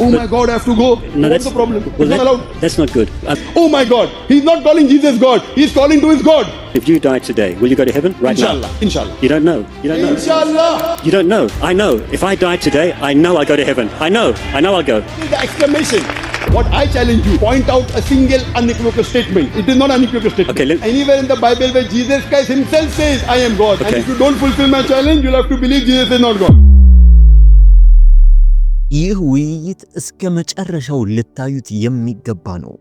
Oh my God, I have to go. No, What's that's the problem? Well, that, not allowed. That's not good. I, uh, oh my God, he's not calling Jesus God. He's calling to his God. If you die today, will you go to heaven? Right Inshallah. now. Inshallah. You don't know. You don't know. Inshallah. You don't know. I know. If I die today, I know I go to heaven. I know. I know I'll go. The exclamation. What I challenge you, point out a single unequivocal statement. It is not unequivocal statement. Okay, let, Anywhere in the Bible where Jesus Christ himself says, I am God. Okay. And if you don't fulfill my challenge, you'll have to believe Jesus is not God. ይህ ውይይት እስከ መጨረሻው ልታዩት የሚገባ ነው።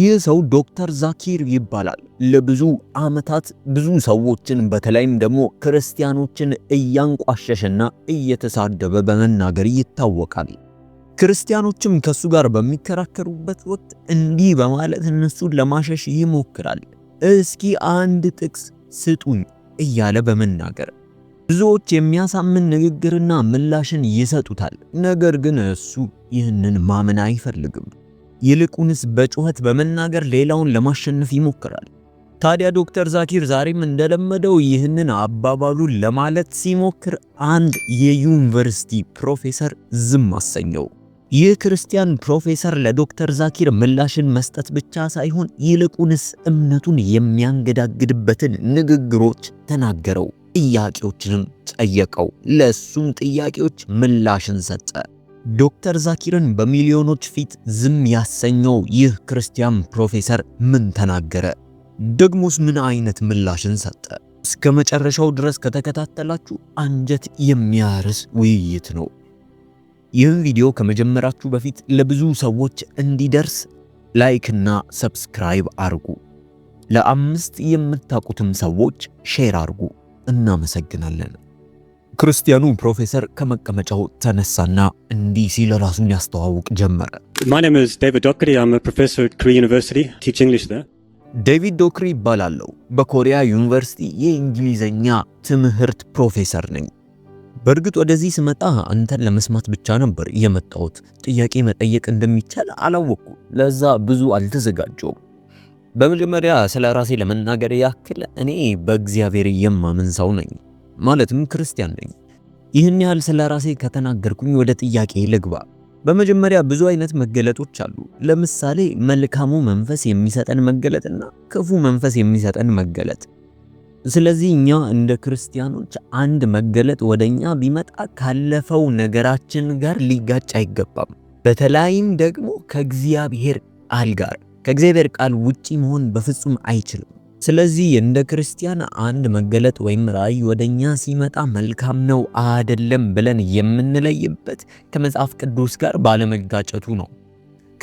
ይህ ሰው ዶክተር ዛኪር ይባላል። ለብዙ ዓመታት ብዙ ሰዎችን በተለይም ደግሞ ክርስቲያኖችን እያንቋሸሸና እየተሳደበ በመናገር ይታወቃል። ክርስቲያኖችም ከሱ ጋር በሚከራከሩበት ወቅት እንዲህ በማለት እነሱን ለማሸሽ ይሞክራል። እስኪ አንድ ጥቅስ ስጡኝ እያለ በመናገር ብዙዎች የሚያሳምን ንግግርና ምላሽን ይሰጡታል። ነገር ግን እሱ ይህንን ማመን አይፈልግም። ይልቁንስ በጩኸት በመናገር ሌላውን ለማሸነፍ ይሞክራል። ታዲያ ዶክተር ዛኪር ዛሬም እንደለመደው ይህንን አባባሉን ለማለት ሲሞክር አንድ የዩኒቨርሲቲ ፕሮፌሰር ዝም አሰኘው። ይህ ክርስቲያን ፕሮፌሰር ለዶክተር ዛኪር ምላሽን መስጠት ብቻ ሳይሆን ይልቁንስ እምነቱን የሚያንገዳግድበትን ንግግሮች ተናገረው። ጥያቄዎችንም ጠየቀው። ለሱም ጥያቄዎች ምላሽን ሰጠ። ዶክተር ዛኪርን በሚሊዮኖች ፊት ዝም ያሰኘው ይህ ክርስቲያን ፕሮፌሰር ምን ተናገረ? ደግሞስ ምን አይነት ምላሽን ሰጠ? እስከ መጨረሻው ድረስ ከተከታተላችሁ አንጀት የሚያርስ ውይይት ነው። ይህን ቪዲዮ ከመጀመራችሁ በፊት ለብዙ ሰዎች እንዲደርስ ላይክ እና ሰብስክራይብ አርጉ። ለአምስት የምታውቁትም ሰዎች ሼር አርጉ። እናመሰግናለን። ክርስቲያኑ ፕሮፌሰር ከመቀመጫው ተነሳና እንዲህ ሲል ራሱን ያስተዋውቅ ጀመረ። ዴቪድ ዶክሪ ይባላለሁ። በኮሪያ ዩኒቨርሲቲ የእንግሊዝኛ ትምህርት ፕሮፌሰር ነኝ። በእርግጥ ወደዚህ ስመጣ አንተን ለመስማት ብቻ ነበር የመጣሁት። ጥያቄ መጠየቅ እንደሚቻል አላወቅኩ፣ ለዛ ብዙ አልተዘጋጀውም። በመጀመሪያ ስለ ራሴ ለመናገር ያክል እኔ በእግዚአብሔር የማምን ሰው ነኝ፣ ማለትም ክርስቲያን ነኝ። ይህን ያህል ስለ ራሴ ከተናገርኩኝ ወደ ጥያቄ ልግባ። በመጀመሪያ ብዙ አይነት መገለጦች አሉ። ለምሳሌ መልካሙ መንፈስ የሚሰጠን መገለጥና ክፉ መንፈስ የሚሰጠን መገለጥ። ስለዚህ እኛ እንደ ክርስቲያኖች አንድ መገለጥ ወደኛ ቢመጣ ካለፈው ነገራችን ጋር ሊጋጭ አይገባም። በተለይም ደግሞ ከእግዚአብሔር ቃል ጋር ከእግዚአብሔር ቃል ውጪ መሆን በፍጹም አይችልም። ስለዚህ እንደ ክርስቲያን አንድ መገለጥ ወይም ራእይ ወደኛ ሲመጣ መልካም ነው አደለም ብለን የምንለይበት ከመጽሐፍ ቅዱስ ጋር ባለመጋጨቱ ነው።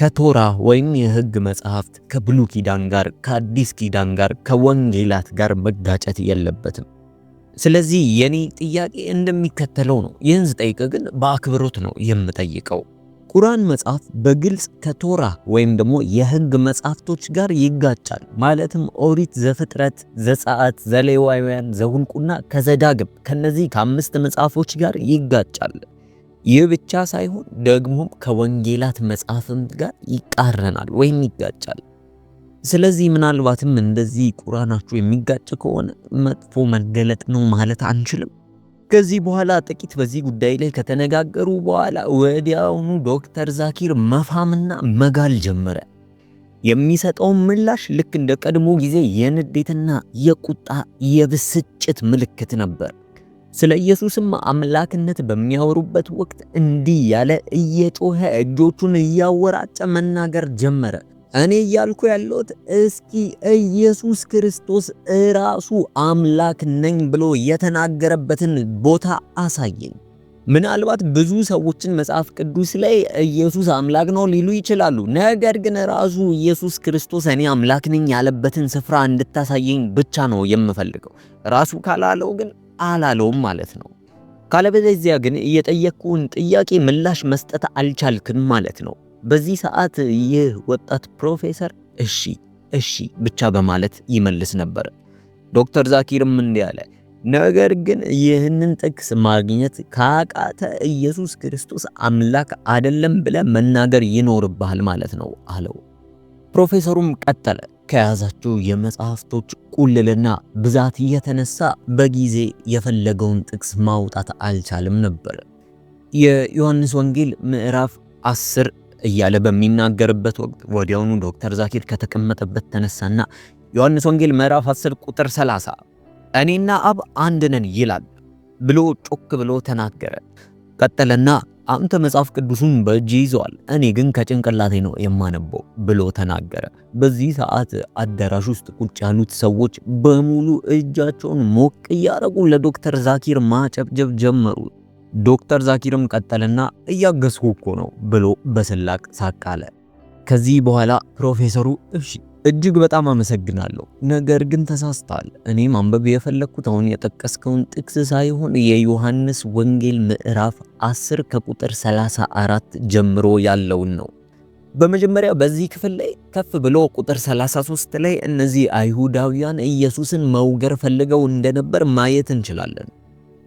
ከቶራ ወይም የሕግ መጽሐፍት ከብሉ ኪዳን ጋር፣ ከአዲስ ኪዳን ጋር፣ ከወንጌላት ጋር መጋጨት የለበትም። ስለዚህ የኔ ጥያቄ እንደሚከተለው ነው። ይህን ስጠይቅ ግን በአክብሮት ነው የምጠይቀው። ቁርአን መጽሐፍ በግልጽ ከቶራ ወይም ደግሞ የህግ መጽሐፍቶች ጋር ይጋጫል። ማለትም ኦሪት፣ ዘፍጥረት፣ ዘጸአት፣ ዘሌዋውያን፣ ዘሁልቁና ከዘዳግም ከነዚህ ከአምስት መጽሐፎች ጋር ይጋጫል። ይህ ብቻ ሳይሆን ደግሞም ከወንጌላት መጽሐፍም ጋር ይቃረናል ወይም ይጋጫል። ስለዚህ ምናልባትም እንደዚህ ቁርአናችሁ የሚጋጭ ከሆነ መጥፎ መገለጥ ነው ማለት አንችልም። ከዚህ በኋላ ጥቂት በዚህ ጉዳይ ላይ ከተነጋገሩ በኋላ ወዲያውኑ ዶክተር ዛኪር መፋምና መጋል ጀመረ። የሚሰጠውን ምላሽ ልክ እንደ ቀድሞ ጊዜ የንዴትና የቁጣ የብስጭት ምልክት ነበር። ስለ ኢየሱስም አምላክነት በሚያወሩበት ወቅት እንዲህ ያለ እየጮኸ እጆቹን እያወራጨ መናገር ጀመረ። እኔ እያልኩ ያለሁት እስኪ ኢየሱስ ክርስቶስ እራሱ አምላክ ነኝ ብሎ የተናገረበትን ቦታ አሳየኝ። ምናልባት ብዙ ሰዎችን መጽሐፍ ቅዱስ ላይ ኢየሱስ አምላክ ነው ሊሉ ይችላሉ። ነገር ግን ራሱ ኢየሱስ ክርስቶስ እኔ አምላክ ነኝ ያለበትን ስፍራ እንድታሳየኝ ብቻ ነው የምፈልገው። ራሱ ካላለው ግን አላለውም ማለት ነው። ካለበለዚያ ግን እየጠየቅኩን ጥያቄ ምላሽ መስጠት አልቻልክም ማለት ነው። በዚህ ሰዓት ይህ ወጣት ፕሮፌሰር እሺ እሺ ብቻ በማለት ይመልስ ነበር። ዶክተር ዛኪርም እንዲህ አለ፣ ነገር ግን ይህንን ጥቅስ ማግኘት ካቃተ ኢየሱስ ክርስቶስ አምላክ አይደለም ብለ መናገር ይኖርብሃል ማለት ነው አለው። ፕሮፌሰሩም ቀጠለ፣ ከያዛቸው የመጽሐፍቶች ቁልልና ብዛት የተነሳ በጊዜ የፈለገውን ጥቅስ ማውጣት አልቻልም ነበር። የዮሐንስ ወንጌል ምዕራፍ 10 እያለ በሚናገርበት ወቅት ወዲያውኑ ዶክተር ዛኪር ከተቀመጠበት ተነሳና ዮሐንስ ወንጌል ምዕራፍ 10 ቁጥር 30 እኔና አብ አንድ ነን ይላል ብሎ ጮክ ብሎ ተናገረ። ቀጠለና አንተ መጽሐፍ ቅዱሱን በእጅ ይዘዋል፣ እኔ ግን ከጭንቅላቴ ነው የማነበው ብሎ ተናገረ። በዚህ ሰዓት አዳራሽ ውስጥ ቁጭ ያሉት ሰዎች በሙሉ እጃቸውን ሞቅ እያደረጉ ለዶክተር ዛኪር ማጨብጨብ ጀመሩ። ዶክተር ዛኪርም ቀጠለና እያገዝኩ እኮ ነው ብሎ በስላቅ ሳቅ አለ። ከዚህ በኋላ ፕሮፌሰሩ እሺ እጅግ በጣም አመሰግናለሁ፣ ነገር ግን ተሳስተሃል። እኔ ማንበብ የፈለግኩት አሁን የጠቀስከውን ጥቅስ ሳይሆን የዮሐንስ ወንጌል ምዕራፍ 10 ከቁጥር 34 ጀምሮ ያለውን ነው። በመጀመሪያ በዚህ ክፍል ላይ ከፍ ብሎ ቁጥር 33 ላይ እነዚህ አይሁዳውያን ኢየሱስን መውገር ፈልገው እንደነበር ማየት እንችላለን።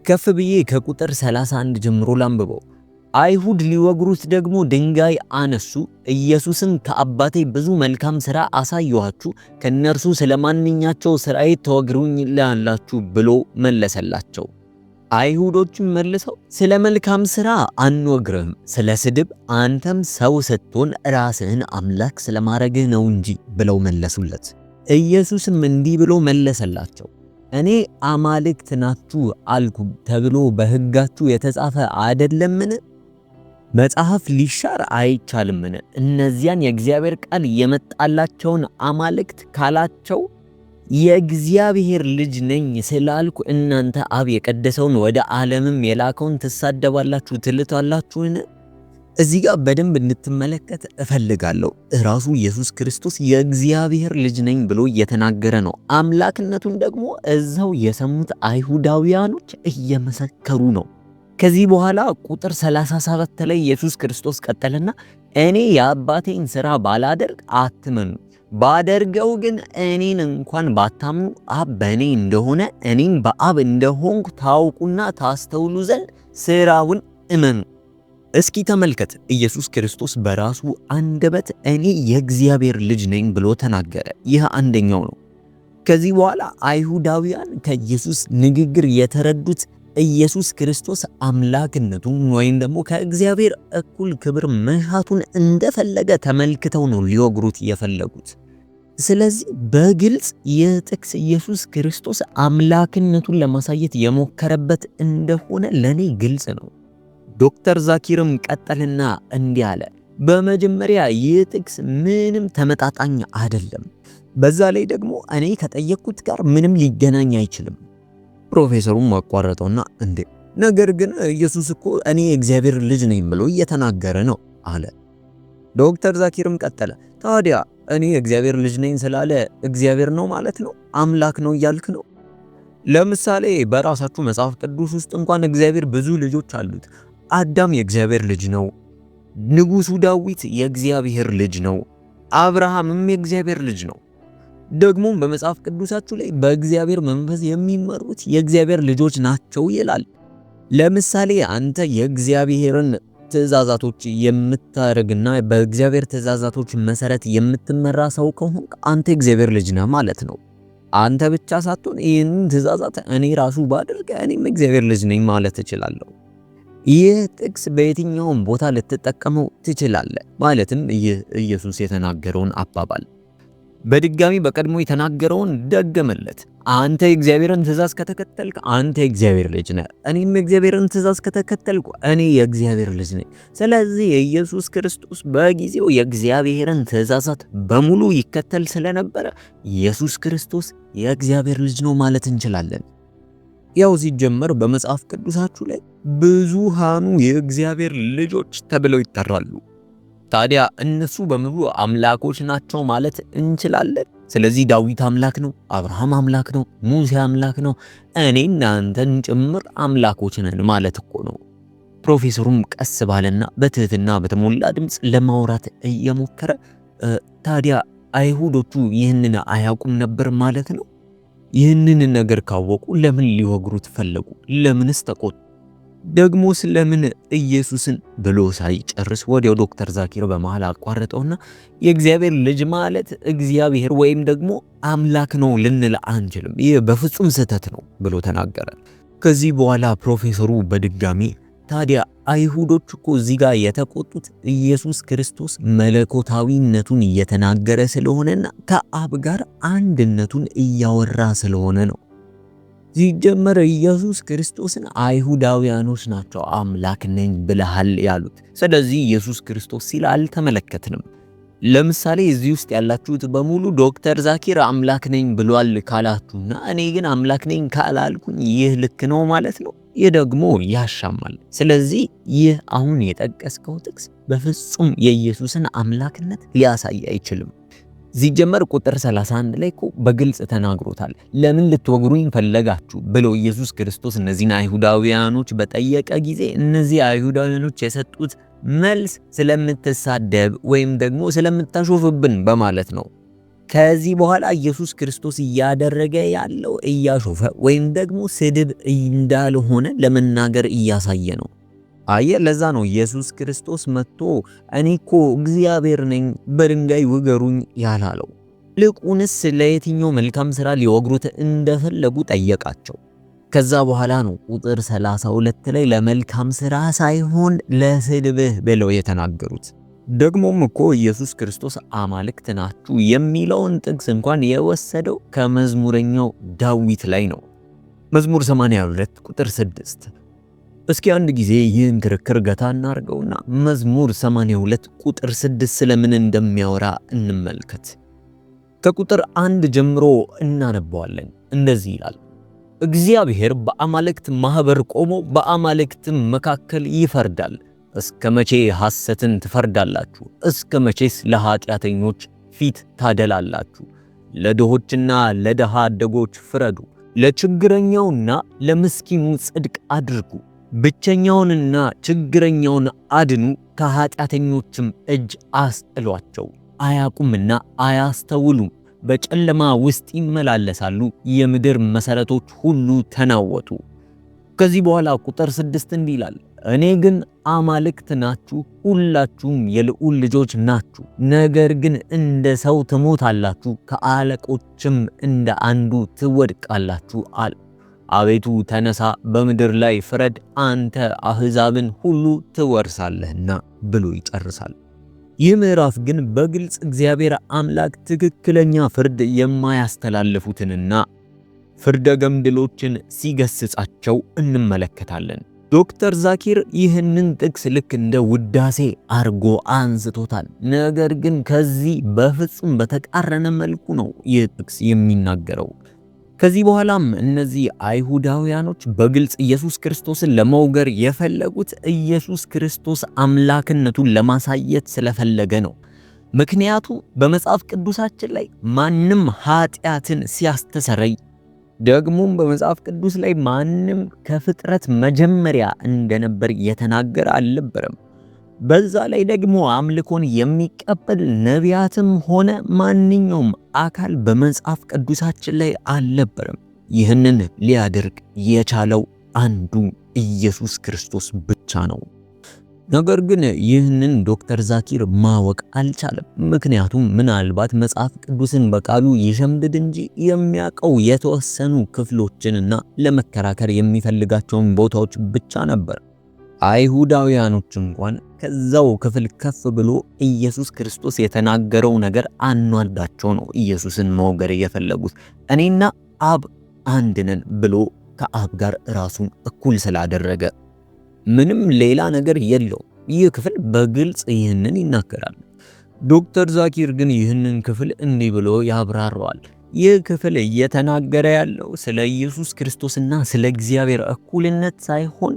ከፍ ብዬ ከቁጥር 31 ጀምሮ ላንብበው። አይሁድ ሊወግሩት ደግሞ ድንጋይ አነሱ። ኢየሱስም ከአባቴ ብዙ መልካም ሥራ አሳየኋችሁ፣ ከእነርሱ ስለ ማንኛቸው ሥራዬ ተወግሩኝ ላላችሁ ብሎ መለሰላቸው። አይሁዶችም መልሰው ስለ መልካም ሥራ አንወግርህም፣ ስለ ስድብ፣ አንተም ሰው ስትሆን ራስህን አምላክ ስለማድረግህ ነው እንጂ ብለው መለሱለት። ኢየሱስም እንዲህ ብሎ መለሰላቸው እኔ አማልክት ናችሁ አልኩ ተብሎ በሕጋችሁ የተጻፈ አይደለምን? መጽሐፍ ሊሻር አይቻልምን? እነዚያን የእግዚአብሔር ቃል የመጣላቸውን አማልክት ካላቸው የእግዚአብሔር ልጅ ነኝ ስላልኩ እናንተ አብ የቀደሰውን ወደ ዓለምም የላከውን ትሳደባላችሁ፣ ትልታላችሁን? እዚህ ጋር በደንብ እንድትመለከት እፈልጋለሁ። ራሱ ኢየሱስ ክርስቶስ የእግዚአብሔር ልጅ ነኝ ብሎ እየተናገረ ነው። አምላክነቱን ደግሞ እዛው የሰሙት አይሁዳውያኖች እየመሰከሩ ነው። ከዚህ በኋላ ቁጥር 37 ላይ ኢየሱስ ክርስቶስ ቀጠለና እኔ የአባቴን ስራ ባላደርግ አትመኑ፣ ባደርገው ግን እኔን እንኳን ባታምኑ አብ በእኔ እንደሆነ እኔም በአብ እንደሆንኩ ታውቁና ታስተውሉ ዘንድ ስራውን እመኑ። እስኪ ተመልከት፣ ኢየሱስ ክርስቶስ በራሱ አንደበት እኔ የእግዚአብሔር ልጅ ነኝ ብሎ ተናገረ። ይህ አንደኛው ነው። ከዚህ በኋላ አይሁዳውያን ከኢየሱስ ንግግር የተረዱት ኢየሱስ ክርስቶስ አምላክነቱን ወይም ደግሞ ከእግዚአብሔር እኩል ክብር መሻቱን እንደፈለገ ተመልክተው ነው ሊወግሩት የፈለጉት። ስለዚህ በግልጽ ይህ ጥቅስ ኢየሱስ ክርስቶስ አምላክነቱን ለማሳየት የሞከረበት እንደሆነ ለእኔ ግልጽ ነው። ዶክተር ዛኪርም ቀጠልና እንዲህ አለ። በመጀመሪያ ይህ ጥቅስ ምንም ተመጣጣኝ አይደለም። በዛ ላይ ደግሞ እኔ ከጠየቅኩት ጋር ምንም ሊገናኝ አይችልም። ፕሮፌሰሩም አቋረጠውና እንዴ ነገር ግን ኢየሱስ እኮ እኔ የእግዚአብሔር ልጅ ነኝ ብሎ እየተናገረ ነው አለ። ዶክተር ዛኪርም ቀጠለ። ታዲያ እኔ የእግዚአብሔር ልጅ ነኝ ስላለ እግዚአብሔር ነው ማለት ነው? አምላክ ነው እያልክ ነው? ለምሳሌ በራሳችሁ መጽሐፍ ቅዱስ ውስጥ እንኳን እግዚአብሔር ብዙ ልጆች አሉት። አዳም የእግዚአብሔር ልጅ ነው። ንጉሡ ዳዊት የእግዚአብሔር ልጅ ነው። አብርሃምም የእግዚአብሔር ልጅ ነው። ደግሞም በመጽሐፍ ቅዱሳችሁ ላይ በእግዚአብሔር መንፈስ የሚመሩት የእግዚአብሔር ልጆች ናቸው ይላል። ለምሳሌ አንተ የእግዚአብሔርን ትእዛዛቶች የምታደርግና በእግዚአብሔር ትእዛዛቶች መሰረት የምትመራ ሰው ከሆንክ አንተ የእግዚአብሔር ልጅ ነህ ማለት ነው። አንተ ብቻ ሳትሆን ይህንን ትእዛዛት እኔ ራሱ ባደርግ እኔም እግዚአብሔር ልጅ ነኝ ማለት እችላለሁ። ይህ ጥቅስ በየትኛውም ቦታ ልትጠቀመው ትችላለህ። ማለትም ይህ ኢየሱስ የተናገረውን አባባል በድጋሚ በቀድሞ የተናገረውን ደገመለት። አንተ የእግዚአብሔርን ትእዛዝ ከተከተልክ አንተ የእግዚአብሔር ልጅ ነህ፣ እኔም የእግዚአብሔርን ትእዛዝ ከተከተልኩ እኔ የእግዚአብሔር ልጅ ነኝ። ስለዚህ የኢየሱስ ክርስቶስ በጊዜው የእግዚአብሔርን ትእዛዛት በሙሉ ይከተል ስለነበረ ኢየሱስ ክርስቶስ የእግዚአብሔር ልጅ ነው ማለት እንችላለን። ያው ሲጀመር በመጽሐፍ ቅዱሳችሁ ላይ ብዙሃኑ የእግዚአብሔር ልጆች ተብለው ይጠራሉ። ታዲያ እነሱ በሙሉ አምላኮች ናቸው ማለት እንችላለን። ስለዚህ ዳዊት አምላክ ነው፣ አብርሃም አምላክ ነው፣ ሙሴ አምላክ ነው፣ እኔና አንተን ጭምር አምላኮች ነን ማለት እኮ ነው። ፕሮፌሰሩም ቀስ ባለና በትህትና በተሞላ ድምፅ ለማውራት እየሞከረ ታዲያ አይሁዶቹ ይህንን አያውቁም ነበር ማለት ነው ይህንን ነገር ካወቁ ለምን ሊወግሩት ፈለጉ? ለምንስ ተቆጡ? ደግሞስ ለምን ኢየሱስን ብሎ ሳይጨርስ ወዲያው ዶክተር ዛኪር በመሃል አቋረጠውና የእግዚአብሔር ልጅ ማለት እግዚአብሔር ወይም ደግሞ አምላክ ነው ልንል አንችልም፣ ይህ በፍጹም ስህተት ነው ብሎ ተናገረ። ከዚህ በኋላ ፕሮፌሰሩ በድጋሚ ታዲያ አይሁዶች እኮ እዚህ ጋር የተቆጡት ኢየሱስ ክርስቶስ መለኮታዊነቱን እየተናገረ ስለሆነና ከአብ ጋር አንድነቱን እያወራ ስለሆነ ነው። ሲጀመር ኢየሱስ ክርስቶስን አይሁዳውያኖች ናቸው አምላክ ነኝ ብለሃል ያሉት። ስለዚህ ኢየሱስ ክርስቶስ ሲል አልተመለከትንም። ለምሳሌ እዚህ ውስጥ ያላችሁት በሙሉ ዶክተር ዛኪር አምላክ ነኝ ብሏል ካላችሁና እኔ ግን አምላክ ነኝ ካላልኩኝ ይህ ልክ ነው ማለት ነው? ይህ ደግሞ ያሻማል። ስለዚህ ይህ አሁን የጠቀስከው ጥቅስ በፍጹም የኢየሱስን አምላክነት ሊያሳይ አይችልም። ሲጀመር ቁጥር 31 ላይ እኮ በግልጽ ተናግሮታል። ለምን ልትወግሩኝ ፈለጋችሁ ብሎ ኢየሱስ ክርስቶስ እነዚህን አይሁዳውያኖች በጠየቀ ጊዜ እነዚህ አይሁዳውያኖች የሰጡት መልስ ስለምትሳደብ ወይም ደግሞ ስለምታሾፍብን በማለት ነው። ከዚህ በኋላ ኢየሱስ ክርስቶስ እያደረገ ያለው እያሾፈ ወይም ደግሞ ስድብ እንዳልሆነ ለመናገር እያሳየ ነው። አየ ለዛ ነው ኢየሱስ ክርስቶስ መጥቶ እኔ እኮ እግዚአብሔር ነኝ በድንጋይ ውገሩኝ ያላለው። ልቁንስ ለየትኛው መልካም ሥራ ሊወግሩት እንደፈለጉ ጠየቃቸው። ከዛ በኋላ ነው ቁጥር 32 ላይ ለመልካም ሥራ ሳይሆን ለስድብህ ብለው የተናገሩት። ደግሞም እኮ ኢየሱስ ክርስቶስ አማልክት ናችሁ የሚለውን ጥቅስ እንኳን የወሰደው ከመዝሙረኛው ዳዊት ላይ ነው። መዝሙር 82 ቁጥር 6። እስኪ አንድ ጊዜ ይህን ክርክር ገታ እናርገውና መዝሙር 82 ቁጥር 6 ስለምን እንደሚያወራ እንመልከት። ከቁጥር አንድ ጀምሮ እናነባዋለን። እንደዚህ ይላል፣ እግዚአብሔር በአማልክት ማኅበር ቆሞ በአማልክትም መካከል ይፈርዳል እስከ መቼ ሐሰትን ትፈርዳላችሁ? እስከ መቼስ ለኃጢአተኞች ፊት ታደላላችሁ? ለድሆችና ለድሃ አደጎች ፍረዱ፣ ለችግረኛውና ለምስኪኑ ጽድቅ አድርጉ። ብቸኛውንና ችግረኛውን አድኑ፣ ከኃጢአተኞችም እጅ አስጥሏቸው። አያቁምና አያስተውሉም፣ በጨለማ ውስጥ ይመላለሳሉ። የምድር መሠረቶች ሁሉ ተናወጡ። ከዚህ በኋላ ቁጥር ስድስት እንዲህ ይላል እኔ ግን አማልክት ናችሁ፣ ሁላችሁም የልዑል ልጆች ናችሁ። ነገር ግን እንደ ሰው ትሞታላችሁ፣ ከአለቆችም እንደ አንዱ ትወድቃላችሁ አለ። አቤቱ ተነሳ፣ በምድር ላይ ፍረድ፣ አንተ አሕዛብን ሁሉ ትወርሳለህና ብሎ ይጨርሳል። ይህ ምዕራፍ ግን በግልጽ እግዚአብሔር አምላክ ትክክለኛ ፍርድ የማያስተላልፉትንና ፍርደ ገምድሎችን ሲገስጻቸው እንመለከታለን። ዶክተር ዛኪር ይህንን ጥቅስ ልክ እንደ ውዳሴ አርጎ አንስቶታል። ነገር ግን ከዚህ በፍጹም በተቃረነ መልኩ ነው ይህ ጥቅስ የሚናገረው። ከዚህ በኋላም እነዚህ አይሁዳውያኖች በግልጽ ኢየሱስ ክርስቶስን ለመውገር የፈለጉት ኢየሱስ ክርስቶስ አምላክነቱን ለማሳየት ስለፈለገ ነው። ምክንያቱ በመጽሐፍ ቅዱሳችን ላይ ማንም ኃጢአትን ሲያስተሰረይ ደግሞም በመጽሐፍ ቅዱስ ላይ ማንም ከፍጥረት መጀመሪያ እንደነበር የተናገረ አልነበረም። በዛ ላይ ደግሞ አምልኮን የሚቀበል ነቢያትም ሆነ ማንኛውም አካል በመጽሐፍ ቅዱሳችን ላይ አልነበረም። ይህንን ሊያደርግ የቻለው አንዱ ኢየሱስ ክርስቶስ ብቻ ነው። ነገር ግን ይህንን ዶክተር ዛኪር ማወቅ አልቻለም። ምክንያቱም ምናልባት መጽሐፍ ቅዱስን በቃሉ ይሸምድድ እንጂ የሚያውቀው የተወሰኑ ክፍሎችንና ለመከራከር የሚፈልጋቸውን ቦታዎች ብቻ ነበር። አይሁዳውያኖች እንኳን ከዛው ክፍል ከፍ ብሎ ኢየሱስ ክርስቶስ የተናገረው ነገር አኗዳቸው ነው ኢየሱስን መውገር የፈለጉት። እኔና አብ አንድ ነን ብሎ ከአብ ጋር ራሱን እኩል ስላደረገ ምንም ሌላ ነገር የለውም። ይህ ክፍል በግልጽ ይህንን ይናገራል። ዶክተር ዛኪር ግን ይህንን ክፍል እንዲህ ብሎ ያብራረዋል። ይህ ክፍል እየተናገረ ያለው ስለ ኢየሱስ ክርስቶስና ስለ እግዚአብሔር እኩልነት ሳይሆን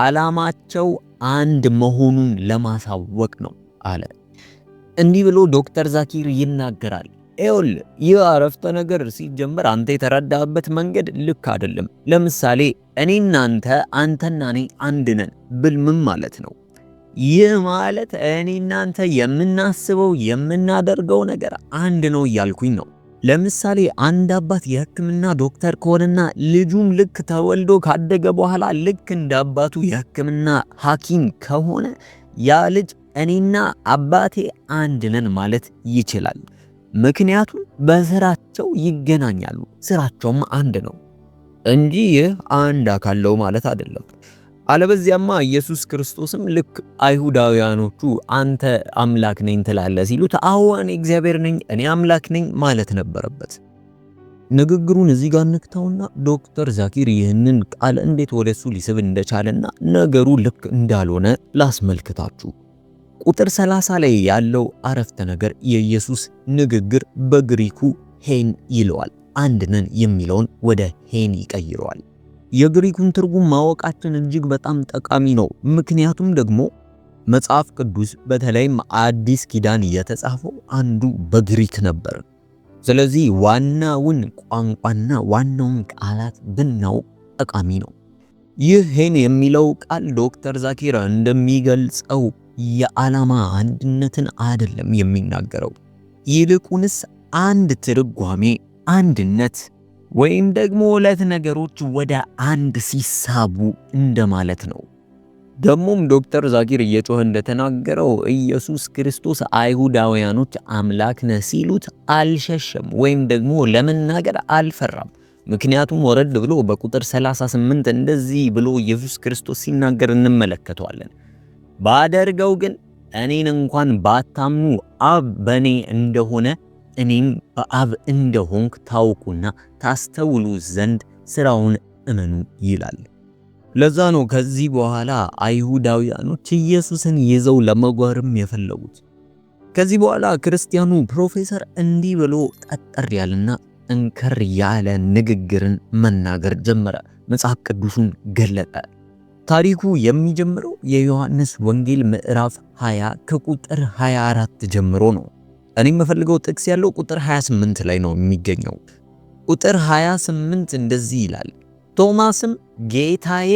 ዓላማቸው አንድ መሆኑን ለማሳወቅ ነው አለ። እንዲህ ብሎ ዶክተር ዛኪር ይናገራል። ኤውል ይህ አረፍተ ነገር ሲጀመር አንተ የተረዳበት መንገድ ልክ አይደለም። ለምሳሌ እኔ እናንተ አንተና እኔ አንድ ነን ብል ምን ማለት ነው? ይህ ማለት እኔና አንተ የምናስበው የምናደርገው ነገር አንድ ነው እያልኩኝ ነው። ለምሳሌ አንድ አባት የሕክምና ዶክተር ከሆነና ልጁም ልክ ተወልዶ ካደገ በኋላ ልክ እንደ አባቱ የሕክምና ሐኪም ከሆነ ያ ልጅ እኔና አባቴ አንድ ነን ማለት ይችላል። ምክንያቱም በስራቸው ይገናኛሉ፣ ስራቸውም አንድ ነው እንጂ ይህ አንድ አካል ነው ማለት አይደለም። አለበዚያማ ኢየሱስ ክርስቶስም ልክ አይሁዳውያኖቹ አንተ አምላክ ነኝ ትላለህ ሲሉት አዎ እኔ እግዚአብሔር ነኝ፣ እኔ አምላክ ነኝ ማለት ነበረበት። ንግግሩን እዚህ ጋር ንክተውና ዶክተር ዛኪር ይህንን ቃል እንዴት ወደሱ ሊስብ እንደቻለና ነገሩ ልክ እንዳልሆነ ላስመልክታችሁ። ቁጥር 30 ላይ ያለው አረፍተ ነገር የኢየሱስ ንግግር በግሪኩ ሄን ይለዋል። አንድ ነን የሚለውን ወደ ሄን ይቀይረዋል። የግሪኩን ትርጉም ማወቃችን እጅግ በጣም ጠቃሚ ነው። ምክንያቱም ደግሞ መጽሐፍ ቅዱስ በተለይም አዲስ ኪዳን የተጻፈው አንዱ በግሪክ ነበር። ስለዚህ ዋናውን ቋንቋና ዋናውን ቃላት ብናውቅ ጠቃሚ ነው። ይህ ሄን የሚለው ቃል ዶክተር ዛኪራ እንደሚገልጸው የዓላማ አንድነትን አይደለም የሚናገረው፣ ይልቁንስ አንድ ትርጓሜ አንድነት ወይም ደግሞ ሁለት ነገሮች ወደ አንድ ሲሳቡ እንደማለት ነው። ደግሞም ዶክተር ዛኪር እየጮህ እንደተናገረው ኢየሱስ ክርስቶስ አይሁዳውያኖች አምላክ ነህ ሲሉት አልሸሸም ወይም ደግሞ ለመናገር አልፈራም። ምክንያቱም ወረድ ብሎ በቁጥር 38 እንደዚህ ብሎ ኢየሱስ ክርስቶስ ሲናገር እንመለከተዋለን። ባደርገው ግን እኔን እንኳን ባታምኑ አብ በእኔ እንደሆነ እኔም በአብ እንደሆንክ ታውቁና ታስተውሉ ዘንድ ስራውን እመኑ ይላል። ለዛ ነው ከዚህ በኋላ አይሁዳውያኖች ኢየሱስን ይዘው ለመጓርም የፈለጉት። ከዚህ በኋላ ክርስቲያኑ ፕሮፌሰር እንዲህ ብሎ ጠጠር ያለና እንከር ያለ ንግግርን መናገር ጀመረ። መጽሐፍ ቅዱሱን ገለጠ። ታሪኩ የሚጀምረው የዮሐንስ ወንጌል ምዕራፍ 20 ከቁጥር 24 ጀምሮ ነው። እኔ የምፈልገው ጥቅስ ያለው ቁጥር 28 ላይ ነው የሚገኘው። ቁጥር 28 እንደዚህ ይላል፣ ቶማስም ጌታዬ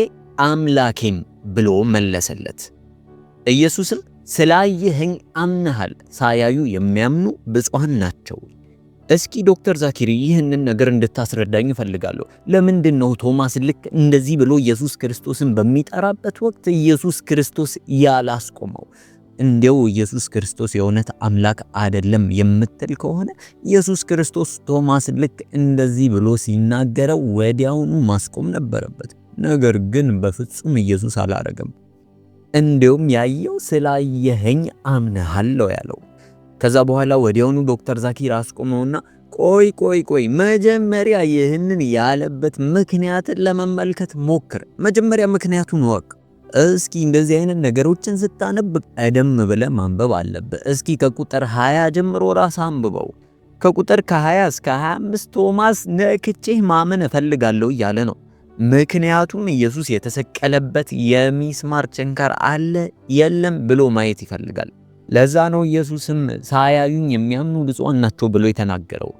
አምላኬም ብሎ መለሰለት። ኢየሱስም ስላየኸኝ አምነሃል፣ ሳያዩ የሚያምኑ ብፁዓን ናቸው እስኪ ዶክተር ዛኪሪ ይህንን ነገር እንድታስረዳኝ እፈልጋለሁ። ለምንድን ነው ቶማስ ልክ እንደዚህ ብሎ ኢየሱስ ክርስቶስን በሚጠራበት ወቅት ኢየሱስ ክርስቶስ ያላስቆመው? እንዲው ኢየሱስ ክርስቶስ የእውነት አምላክ አይደለም የምትል ከሆነ ኢየሱስ ክርስቶስ ቶማስ ልክ እንደዚህ ብሎ ሲናገረው ወዲያውኑ ማስቆም ነበረበት። ነገር ግን በፍጹም ኢየሱስ አላረገም። እንዲሁም ያየው ስላየኸኝ አምነሃል ያለው። ከዛ በኋላ ወዲያውኑ ዶክተር ዛኪር አስቆመውና ቆይ ቆይ ቆይ መጀመሪያ ይህንን ያለበት ምክንያትን ለመመልከት ሞክር። መጀመሪያ ምክንያቱን ወቅ እስኪ እንደዚህ አይነት ነገሮችን ስታነብ ቀደም ብለ ማንበብ አለብህ። እስኪ ከቁጥር 20 ጀምሮ ራስ አንብበው። ከቁጥር ከ20 እስከ 25 ቶማስ ነክቼህ ማመን እፈልጋለሁ እያለ ነው። ምክንያቱም ኢየሱስ የተሰቀለበት የሚስማር ችንካር አለ የለም ብሎ ማየት ይፈልጋል። ለዛ ነው ኢየሱስም ሳያዩኝ የሚያምኑ ብፁዓን ናቸው ብሎ የተናገረው።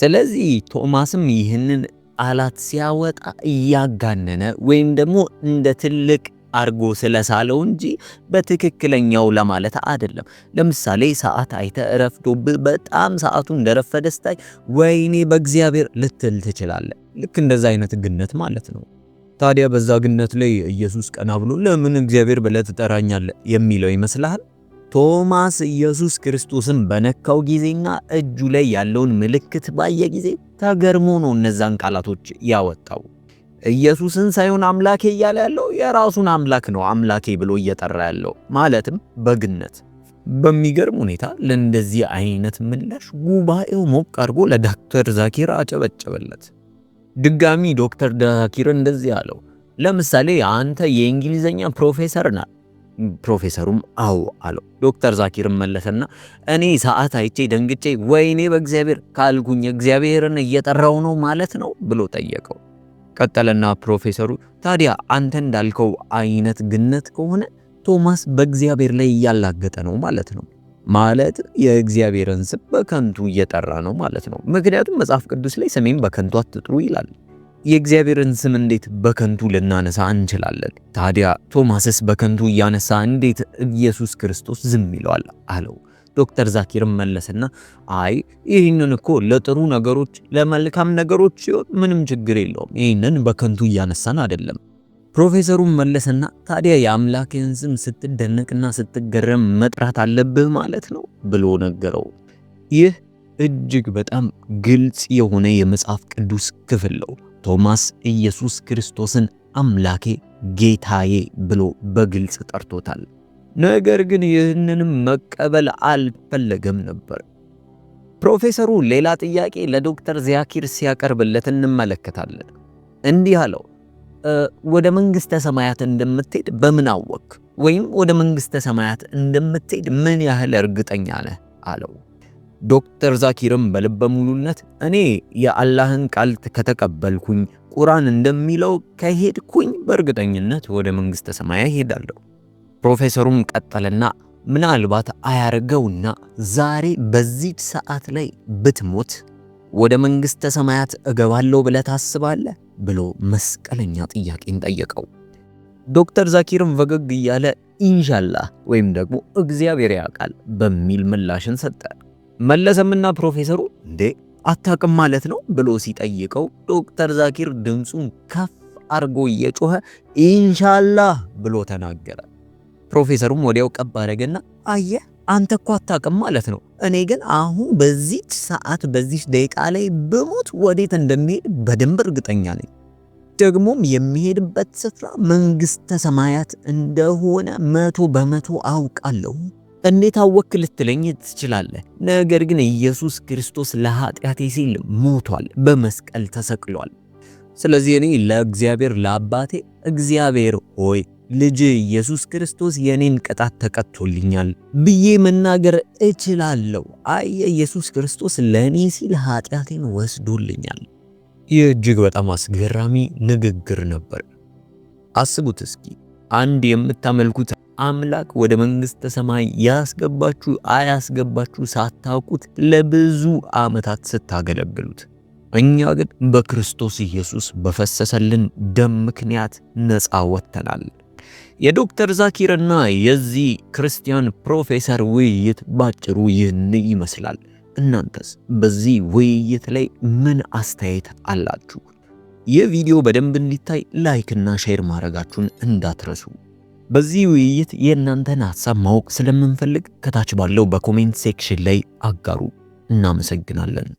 ስለዚህ ቶማስም ይህንን ቃላት ሲያወጣ እያጋነነ ወይም ደግሞ እንደ ትልቅ አርጎ ስለሳለው እንጂ በትክክለኛው ለማለት አይደለም። ለምሳሌ ሰዓት አይተ ረፍዶብ በጣም ሰዓቱ እንደረፈደ ስታይ ወይኔ በእግዚአብሔር ልትል ትችላለ። ልክ እንደዛ አይነት ግነት ማለት ነው። ታዲያ በዛ ግነት ላይ ኢየሱስ ቀና ብሎ ለምን እግዚአብሔር ብለህ ትጠራኛለህ የሚለው ይመስልሃል? ቶማስ ኢየሱስ ክርስቶስን በነካው ጊዜና እጁ ላይ ያለውን ምልክት ባየ ጊዜ ተገርሞ ነው እነዛን ቃላቶች ያወጣው። ኢየሱስን ሳይሆን አምላኬ እያለ ያለው የራሱን አምላክ ነው አምላኬ ብሎ እየጠራ ያለው ማለትም በግነት። በሚገርም ሁኔታ ለእንደዚህ አይነት ምላሽ ጉባኤው ሞቅ አድርጎ ለዶክተር ዛኪር አጨበጨበለት። ድጋሚ ዶክተር ዛኪር እንደዚህ አለው፣ ለምሳሌ አንተ የእንግሊዝኛ ፕሮፌሰር ናት ፕሮፌሰሩም አዎ አለው። ዶክተር ዛኪርም መለሰና እኔ ሰዓት አይቼ ደንግጬ ወይኔ በእግዚአብሔር ካልኩኝ እግዚአብሔርን እየጠራው ነው ማለት ነው ብሎ ጠየቀው። ቀጠለና ፕሮፌሰሩ ታዲያ አንተ እንዳልከው አይነት ግነት ከሆነ ቶማስ በእግዚአብሔር ላይ እያላገጠ ነው ማለት ነው። ማለት የእግዚአብሔርን ስም በከንቱ እየጠራ ነው ማለት ነው። ምክንያቱም መጽሐፍ ቅዱስ ላይ ስሜን በከንቱ አትጥሩ ይላል። የእግዚአብሔርን ስም እንዴት በከንቱ ልናነሳ እንችላለን? ታዲያ ቶማስስ በከንቱ እያነሳ እንዴት ኢየሱስ ክርስቶስ ዝም ይለዋል አለው። ዶክተር ዛኪር መለሰና አይ ይህንን እኮ ለጥሩ ነገሮች ለመልካም ነገሮች ሲሆን ምንም ችግር የለውም። ይህንን በከንቱ እያነሳን አይደለም። ፕሮፌሰሩም መለሰና ታዲያ የአምላክህን ስም ስትደነቅና ስትገረም መጥራት አለብህ ማለት ነው ብሎ ነገረው። ይህ እጅግ በጣም ግልጽ የሆነ የመጽሐፍ ቅዱስ ክፍል ነው። ቶማስ ኢየሱስ ክርስቶስን አምላኬ ጌታዬ ብሎ በግልጽ ጠርቶታል። ነገር ግን ይህንንም መቀበል አልፈለገም ነበር። ፕሮፌሰሩ ሌላ ጥያቄ ለዶክተር ዚያኪር ሲያቀርብለት እንመለከታለን። እንዲህ አለው፣ ወደ መንግሥተ ሰማያት እንደምትሄድ በምን አወክ? ወይም ወደ መንግሥተ ሰማያት እንደምትሄድ ምን ያህል እርግጠኛ ነህ አለው። ዶክተር ዛኪርም በልበ ሙሉነት እኔ የአላህን ቃል ከተቀበልኩኝ ቁርአን እንደሚለው ከሄድኩኝ በእርግጠኝነት ወደ መንግሥተ ሰማያ ሄዳለሁ። ፕሮፌሰሩም ቀጠለና ምናልባት አያርገውና ዛሬ በዚህ ሰዓት ላይ ብትሞት ወደ መንግሥተ ሰማያት እገባለሁ ብለ ታስባለ ብሎ መስቀለኛ ጥያቄን ጠየቀው። ዶክተር ዛኪርም ፈገግ እያለ ኢንሻላህ ወይም ደግሞ እግዚአብሔር ያውቃል በሚል ምላሽን ሰጠ። መለሰምና ፕሮፌሰሩ እንዴ አታቅም ማለት ነው ብሎ ሲጠይቀው ዶክተር ዛኪር ድምፁን ከፍ አርጎ እየጮኸ ኢንሻላህ ብሎ ተናገረ። ፕሮፌሰሩም ወዲያው ቀብ አደረገና አየ አንተ እኮ አታቅም ማለት ነው። እኔ ግን አሁን በዚች ሰዓት በዚች ደቂቃ ላይ ብሞት ወዴት እንደሚሄድ በደንብ እርግጠኛ ነኝ። ደግሞም የሚሄድበት ስፍራ መንግሥተ ሰማያት እንደሆነ መቶ በመቶ አውቃለሁ። እንዴት አወክ ልትለኝ ትችላለህ። ነገር ግን ኢየሱስ ክርስቶስ ለኃጢአቴ ሲል ሞቷል፣ በመስቀል ተሰቅሏል። ስለዚህ እኔ ለእግዚአብሔር ለአባቴ እግዚአብሔር ሆይ ልጅ ኢየሱስ ክርስቶስ የኔን ቅጣት ተቀጥቶልኛል ብዬ መናገር እችላለሁ። አየ ኢየሱስ ክርስቶስ ለእኔ ሲል ኃጢአቴን ወስዶልኛል። ይህ እጅግ በጣም አስገራሚ ንግግር ነበር። አስቡት እስኪ አንድ የምታመልኩት አምላክ ወደ መንግስተ ሰማይ ያስገባችሁ አያስገባችሁ ሳታውቁት ለብዙ ዓመታት ስታገለግሉት፣ እኛ ግን በክርስቶስ ኢየሱስ በፈሰሰልን ደም ምክንያት ነፃ ወጥተናል። የዶክተር ዛኪርና የዚህ ክርስቲያን ፕሮፌሰር ውይይት ባጭሩ ይህን ይመስላል። እናንተስ በዚህ ውይይት ላይ ምን አስተያየት አላችሁ? ይህ ቪዲዮ በደንብ እንዲታይ ላይክ እና ሼር ማድረጋችሁን እንዳትረሱ። በዚህ ውይይት የእናንተን ሀሳብ ማወቅ ስለምንፈልግ ከታች ባለው በኮሜንት ሴክሽን ላይ አጋሩ። እናመሰግናለን።